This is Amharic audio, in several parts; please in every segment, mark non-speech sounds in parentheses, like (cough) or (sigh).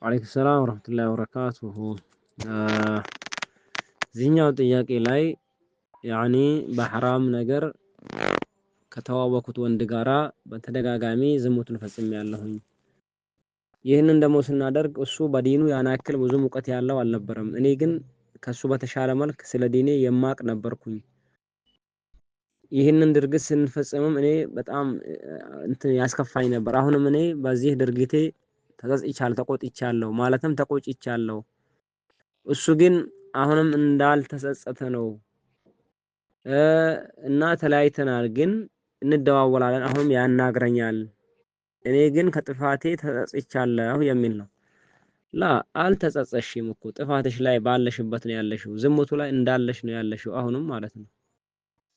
ወአለይኩም ሰላም ወረህመቱላሂ ወበረካቱሁ። እዚህኛው ጥያቄ ላይ ያኒ በሐራም ነገር ከተዋወኩት ወንድ ጋራ በተደጋጋሚ ዝሙትን ፈጽሜያለሁኝ። ያለሁኝ። ይህንን ደግሞ ስናደርግ እሱ በዲኑ ያን ያክል ብዙም እውቀት ያለው አልነበረም። እኔ ግን ከሱ በተሻለ መልክ ስለ ዲኔ የማቅ ነበርኩኝ። ይህንን ድርጊት ስንፈጽምም እኔ በጣም እንትን ያስከፋኝ ነበር። አሁንም እኔ በዚህ ድርጊቴ ተጸጽቻለሁ፣ ተቆጥቻለሁ ማለትም ተቆጭቻለሁ። እሱ ግን አሁንም እንዳልተጸጸተ ነው እና ተለያይተናል፣ ግን እንደዋወላለን፣ አሁንም ያናግረኛል። እኔ ግን ከጥፋቴ ተጸጽቻለሁ የሚል ነው። ላ አልተጸጸሽም እኮ ጥፋትሽ ላይ ባለሽበት ነው ያለሽው። ዝሙቱ ላይ እንዳለሽ ነው ያለሽው አሁንም ማለት ነው።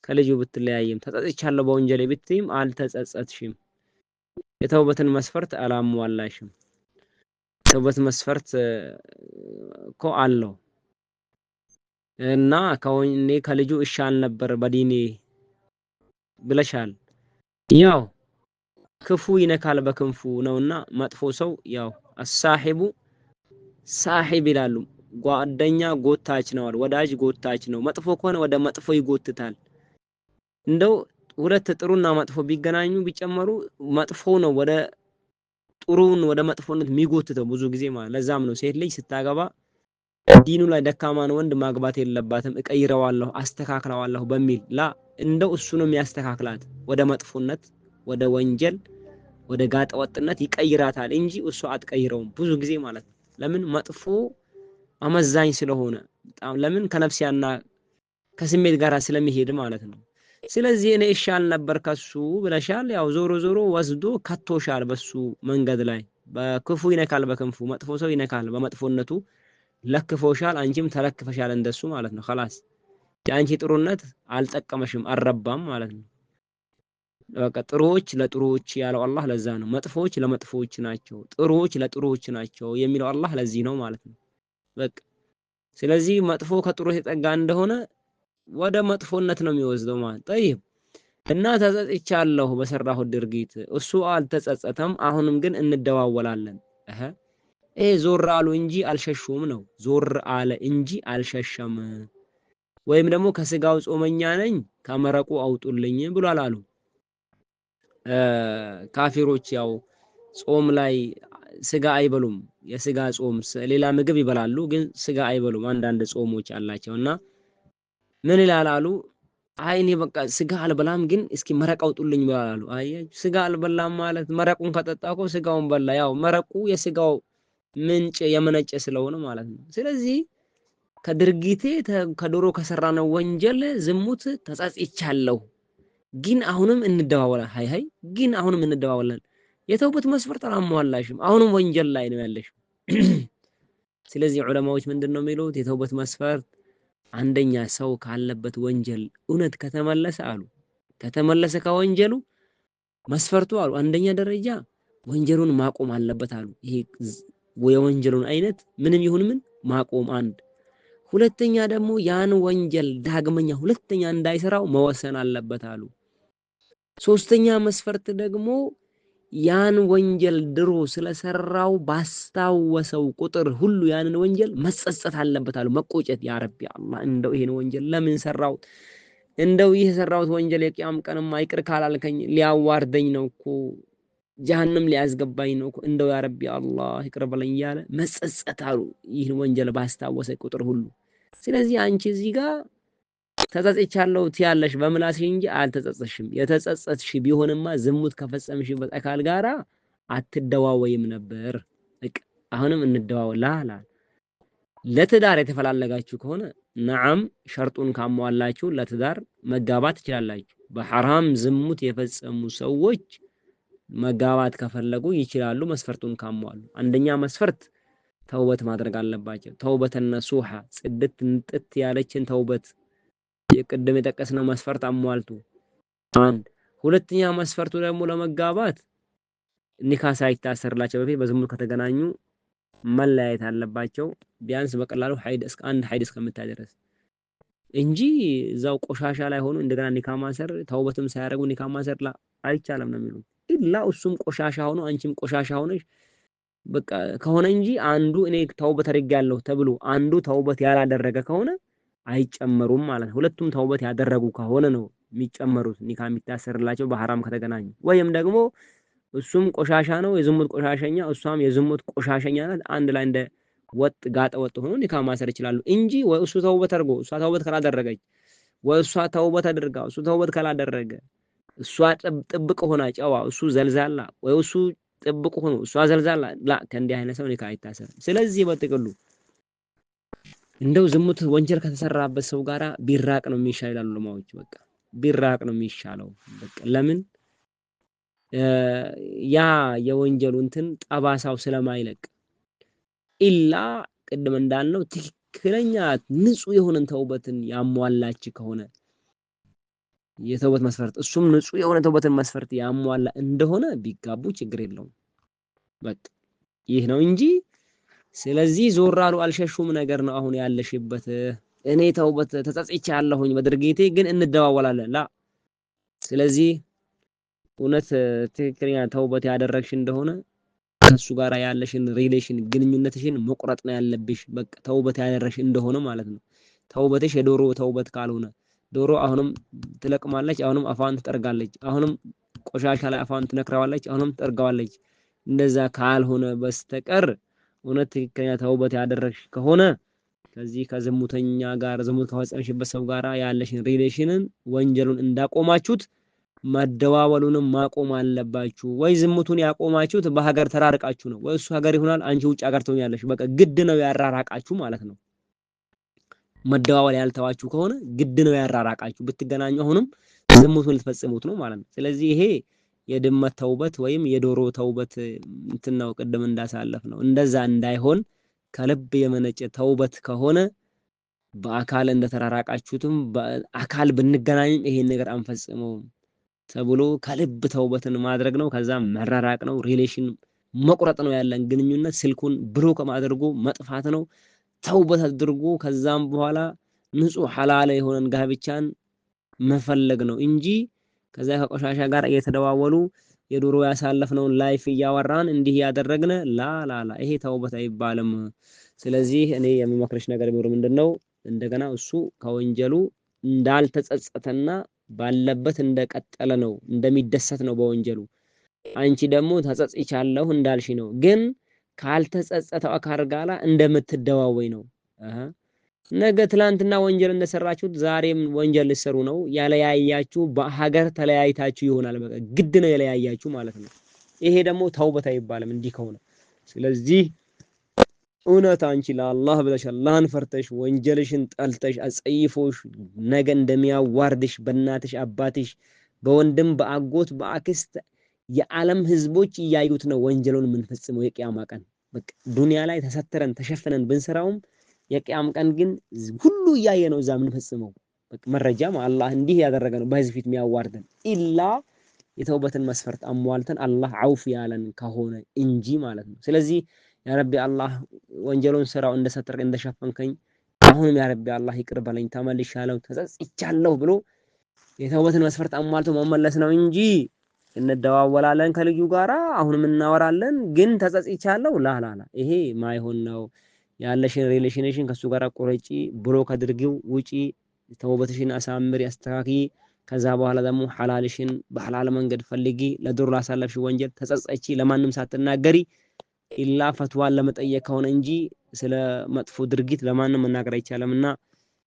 ከልጁ ብትለያይም ተጸጽቻለሁ በወንጀሌ ብትይም አልተጸጸትሽም። የተውበትን መስፈርት አላሟላሽም። የሰውበት መስፈርት እኮ አለው እና ከወኔ ከልጁ እሻል ነበር በዲኔ ብለሻል። ያው ክፉ ይነካል በክንፉ ነውና መጥፎ ሰው ያው አሳሂቡ ሳሂብ ይላሉ። ጓደኛ ጎታች ነዋል፣ ወዳጅ ጎታች ነው። መጥፎ ከሆነ ወደ መጥፎ ይጎትታል። እንደው ሁለት ጥሩና መጥፎ ቢገናኙ ቢጨመሩ መጥፎ ነው ወደ ጥሩን ወደ መጥፎነት የሚጎትተው ብዙ ጊዜ ማለት ለዛም ነው ሴት ልጅ ስታገባ ዲኑ ላይ ደካማን ወንድ ማግባት የለባትም እቀይረዋለሁ፣ አስተካክለዋለሁ በሚል ላ እንደው እሱ ነው የሚያስተካክላት ወደ መጥፎነት፣ ወደ ወንጀል፣ ወደ ጋጠወጥነት ወጥነት ይቀይራታል እንጂ እሱ አትቀይረውም። ብዙ ጊዜ ማለት ለምን መጥፎ አመዛኝ ስለሆነ በጣም ለምን ከነፍሲያና ከስሜት ጋር ስለሚሄድ ማለት ነው። ስለዚህ እኔ ይሻል ነበር ከሱ ብለሻል። ያው ዞሮ ዞሮ ወስዶ ከቶሻል በሱ መንገድ ላይ በክፉ ይነካል፣ በክንፉ መጥፎ ሰው ይነካል፣ በመጥፎነቱ ለክፎሻል። አንቺም ተለክፈሻል እንደሱ ማለት ነው። خلاص የአንቺ ጥሩነት አልጠቀመሽም፣ አልረባም ማለት ነው። በቃ ጥሩዎች ለጥሩዎች ያለው አላህ ለዛ ነው። መጥፎዎች ለመጥፎዎች ናቸው፣ ጥሩዎች ለጥሩዎች ናቸው የሚለው አላህ ለዚህ ነው ማለት ነው። በቃ ስለዚህ መጥፎ ከጥሩ የተጠጋ እንደሆነ ወደ መጥፎነት ነው የሚወስደው ማለት ጠይብ እና ተጸጽቻለሁ በሰራሁት ድርጊት እሱ አልተጸጸተም። አሁንም ግን እንደዋወላለን። እህ ይሄ ዞር አሉ እንጂ አልሸሹም ነው። ዞር አለ እንጂ አልሸሸም። ወይም ደግሞ ከስጋው ጾመኛ ነኝ ከመረቁ አውጡልኝ ብሏል አሉ ካፊሮች። ያው ጾም ላይ ስጋ አይበሉም። የስጋ ጾም ሌላ ምግብ ይበላሉ፣ ግን ስጋ አይበሉም። አንዳንድ ጾሞች አላቸውና ምን ይላሉ? አይ እኔ በቃ ስጋ አልበላም፣ ግን እስኪ መረቅ አውጡልኝ ይላሉ። አያችሁ፣ ስጋ አልበላም ማለት መረቁን ከጠጣ እኮ ስጋውን በላ። ያው መረቁ የስጋው ምንጭ የመነጨ ስለሆነ ማለት ነው። ስለዚህ ከድርጊቴ ከዶሮ ከሰራ ነው ወንጀል ዝሙት ተጸጽቻለሁ፣ ግን አሁንም እንደባወላል። ሀይ ሀይ፣ ግን አሁንም እንደባወላል። የተውበት መስፈርት አላሟላሽም፣ አሁንም ወንጀል ላይ ነው ያለሽ። (clears throat) ስለዚህ ዑለማዎች ምንድን ነው የሚሉት? የተውበት መስፈርት አንደኛ ሰው ካለበት ወንጀል እውነት ከተመለሰ አሉ ከተመለሰ ከወንጀሉ መስፈርቱ አሉ አንደኛ ደረጃ ወንጀሉን ማቆም አለበት አሉ። ይሄ የወንጀሉን አይነት ምንም ይሁን ምን ማቆም አንድ። ሁለተኛ ደግሞ ያን ወንጀል ዳግመኛ ሁለተኛ እንዳይሰራው መወሰን አለበት አሉ። ሶስተኛ መስፈርት ደግሞ ያን ወንጀል ድሮ ስለሰራው ባስታወሰው ቁጥር ሁሉ ያንን ወንጀል መጸጸት አለበት አሉ። መቆጨት ያ ረቢ አላህ እንደው ይሄን ወንጀል ለምን ሰራሁት? እንደው ይህ የሰራሁት ወንጀል የቅያም ቀንማ ይቅር ካላልከኝ ሊያዋርደኝ ነው እኮ ጀሀነም ሊያስገባኝ ነው እኮ እንደው ያ አላህ ይቅር በለኝ እያለ መጸጸት አሉ። ይህን ወንጀል ባስታወሰ ቁጥር ሁሉ ስለዚህ አንቺ እዚህ ጋር ተጸጽቻለሁ ትያለሽ በምላስሽ እንጂ አልተጸጸሽም። የተጸጸትሽ ቢሆንማ ዝሙት ከፈጸምሽበት አካል ጋራ አትደዋወይም ነበር። አሁንም እንደዋወላላ ለትዳር የተፈላለጋችሁ ከሆነ ነዓም ሸርጡን ካሟላችሁ ለትዳር መጋባት ትችላላችሁ። በሐራም ዝሙት የፈጸሙ ሰዎች መጋባት ከፈለጉ ይችላሉ፣ መስፈርቱን ካሟሉ። አንደኛ መስፈርት ተውበት ማድረግ አለባቸው። ተውበተን ነሱሃ ጽድት ንጥት ያለችን ተውበት ቅድም የጠቀስነው መስፈርት አሟልቱ። አንድ ሁለተኛ መስፈርቱ ደግሞ ለመጋባት ኒካ ሳይታሰርላቸው በፊት በዝሙት ከተገናኙ መለያየት አለባቸው። ቢያንስ በቀላሉ ሀይድ እስከ አንድ ሀይድ እስከምታደረስ እንጂ እዛው ቆሻሻ ላይ ሆኖ እንደገና ኒካ ማሰር ተውበትም ሳያደርጉ ኒካ ማሰር አይቻልም ነው የሚሉ ኢላ እሱም ቆሻሻ ሆኖ አንቺም ቆሻሻ ሆነሽ በቃ ከሆነ እንጂ አንዱ እኔ ተውበት አድርጌያለሁ ተብሎ አንዱ ተውበት ያላደረገ ከሆነ አይጨመሩም ማለት ነው። ሁለቱም ተውበት ያደረጉ ከሆነ ነው የሚጨመሩት ኒካ የሚታሰርላቸው በሐራም ከተገናኙ። ወይም ደግሞ እሱም ቆሻሻ ነው የዝሙት ቆሻሸኛ፣ እሷም የዝሙት ቆሻሸኛ ናት። አንድ ላይ እንደ ወጥ ጋጠ ወጥ ሆኖ ኒካ ማሰር ይችላሉ እንጂ ወይ እሱ ተውበት አድርጎ እሷ ተውበት ካላደረገች፣ ወይ እሷ ተውበት አድርጋ እሱ ተውበት ካላደረገ፣ እሷ ጥብቅ ሆና ጨዋ፣ እሱ ዘልዛላ፣ ወይ እሱ ጥብቅ ሆኖ እሷ ዘልዛላ፣ ላ ከእንዲህ አይነት ሰው ኒካ አይታሰርም። ስለዚህ በጥቅሉ እንደው ዝሙት ወንጀል ከተሰራበት ሰው ጋር ቢራቅ ነው የሚሻል ይላሉ ለማዎች። በቃ ቢራቅ ነው የሚሻለው። በቃ ለምን ያ የወንጀሉ እንትን ጠባሳው ስለማይለቅ ኢላ ቅድም እንዳልነው ትክክለኛ ንጹህ የሆነን ተውበትን ያሟላች ከሆነ የተውበት መስፈርት እሱም ንጹህ የሆነ ተውበትን መስፈርት ያሟላ እንደሆነ ቢጋቡ ችግር የለውም። በቃ ይህ ነው እንጂ ስለዚህ ዞር አሉ አልሸሹም ነገር ነው አሁን ያለሽበት። እኔ ተውበት ተጸጽቼ አለሁኝ በድርጊቴ ግን እንደዋወላለን ላ ስለዚህ እውነት ትክክለኛ ተውበት ያደረግሽ እንደሆነ ከሱ ጋር ያለሽን ሪሌሽን ግንኙነትሽን መቁረጥ ነው ያለብሽ። በቃ ተውበት ያደረግሽ እንደሆነ ማለት ነው። ተውበትሽ የዶሮ ተውበት ካልሆነ ዶሮ አሁንም ትለቅማለች፣ አሁንም አፋን ትጠርጋለች፣ አሁንም ቆሻሻ ላይ አፋን ትነክረዋለች፣ አሁንም ትጠርገዋለች። እንደዛ ካልሆነ በስተቀር እውነት ትክክለኛ ተውበት ያደረግሽ ከሆነ ከዚህ ከዝሙተኛ ጋር ዝሙት ከፈጸምሽበት ሰው ጋር ያለሽን ሪሌሽንን ወንጀሉን እንዳቆማችሁት መደዋወሉንም ማቆም አለባችሁ። ወይ ዝሙቱን ያቆማችሁት በሀገር ተራርቃችሁ ነው። ወይ እሱ ሀገር ይሆናል፣ አንቺ ውጭ ሀገር ትሆኛለሽ። በቃ ግድ ነው ያራራቃችሁ ማለት ነው። መደዋወል ያልተዋችሁ ከሆነ ግድ ነው ያራራቃችሁ። ብትገናኙ አሁንም ዝሙቱን ልትፈጽሙት ነው ማለት ነው። ስለዚህ ይሄ የድመት ተውበት ወይም የዶሮ ተውበት እንትናው ነው ቅድም እንዳሳለፍ ነው። እንደዛ እንዳይሆን ከልብ የመነጨ ተውበት ከሆነ በአካል እንደተራራቃችሁትም በአካል ብንገናኝም ይሄን ነገር አንፈጽመውም ተብሎ ከልብ ተውበትን ማድረግ ነው። ከዛ መራራቅ ነው፣ ሪሌሽን መቁረጥ ነው። ያለን ግንኙነት ስልኩን ብሎክ አድርጎ መጥፋት ነው። ተውበት አድርጎ ከዛም በኋላ ንጹህ ሐላል የሆነን ጋብቻን መፈለግ ነው እንጂ ከዛ ከቆሻሻ ጋር እየተደዋወሉ የዱሮ ያሳለፍነውን ላይፍ እያወራን እንዲህ ያደረግን ላ ላ ላ ይሄ ተውበት አይባልም። ስለዚህ እኔ የሚመክርሽ ነገር ቢኖር ምንድነው እንደገና እሱ ከወንጀሉ እንዳልተጸጸተና ባለበት እንደቀጠለ ነው፣ እንደሚደሰት ነው በወንጀሉ። አንቺ ደግሞ ተጸጽቻለሁ እንዳልሽ ነው፣ ግን ካልተጸጸተው አካል ጋራ እንደምትደዋወይ ነው። ነገ ትላንትና ወንጀል እንደሰራችሁት ዛሬም ወንጀል ልሰሩ ነው። ያለያያችሁ በሀገር ተለያይታችሁ ይሆናል። በቃ ግድ ነው የለያያችሁ ማለት ነው። ይሄ ደግሞ ተውበት አይባልም እንዲህ ከሆነ። ስለዚህ እውነት አንቺ ለአላህ ብለሽ አላህን ፈርተሽ ወንጀልሽን ጠልተሽ አጸይፎሽ ነገ እንደሚያዋርድሽ በእናትሽ አባትሽ፣ በወንድም፣ በአጎት፣ በአክስት የዓለም ህዝቦች እያዩት ነው ወንጀሉን የምንፈጽመው የቅያማ ቀን በቃ ዱንያ ላይ ተሰትረን ተሸፍነን ብንሰራውም የቅያም ቀን ግን ሁሉ እያየ ነው እዛ የምንፈጽመው መረጃ አላህ እንዲህ ያደረገ ነው በህዝብ ፊት የሚያዋርደን ኢላ የተውበትን መስፈርት አሟልተን አላህ አውፍ ያለን ከሆነ እንጂ ማለት ነው። ስለዚህ ያረቢ አላህ ወንጀሉን ስራው እንደሰጠርቅ እንደሸፈንከኝ አሁንም ያረቢ አላህ ይቅር በለኝ ተመልሻለሁ፣ ተጸጽቻለሁ ብሎ የተውበትን መስፈርት አሟልቶ መመለስ ነው እንጂ እንደዋወላለን ከልዩ ጋራ አሁንም እናወራለን፣ ግን ተጸጽቻለሁ ላላላ ይሄ ማይሆን ነው። ያለሽን ሪሌሽንሽን ከሱ ጋር ቆረጪ፣ ብሎክ አድርጊው፣ ውጪ፣ ተውበትሽን አሳምሪ፣ አስተካኪ። ከዛ በኋላ ደግሞ ሐላልሽን በሐላል መንገድ ፈልጊ። ለድሮ ላሳለፍሽ ወንጀል ተጸጸቺ፣ ለማንም ሳትናገሪ ኢላ ፈትዋን ለመጠየቅ ከሆነ እንጂ ስለ መጥፎ ድርጊት ለማንም መናገር አይቻልምና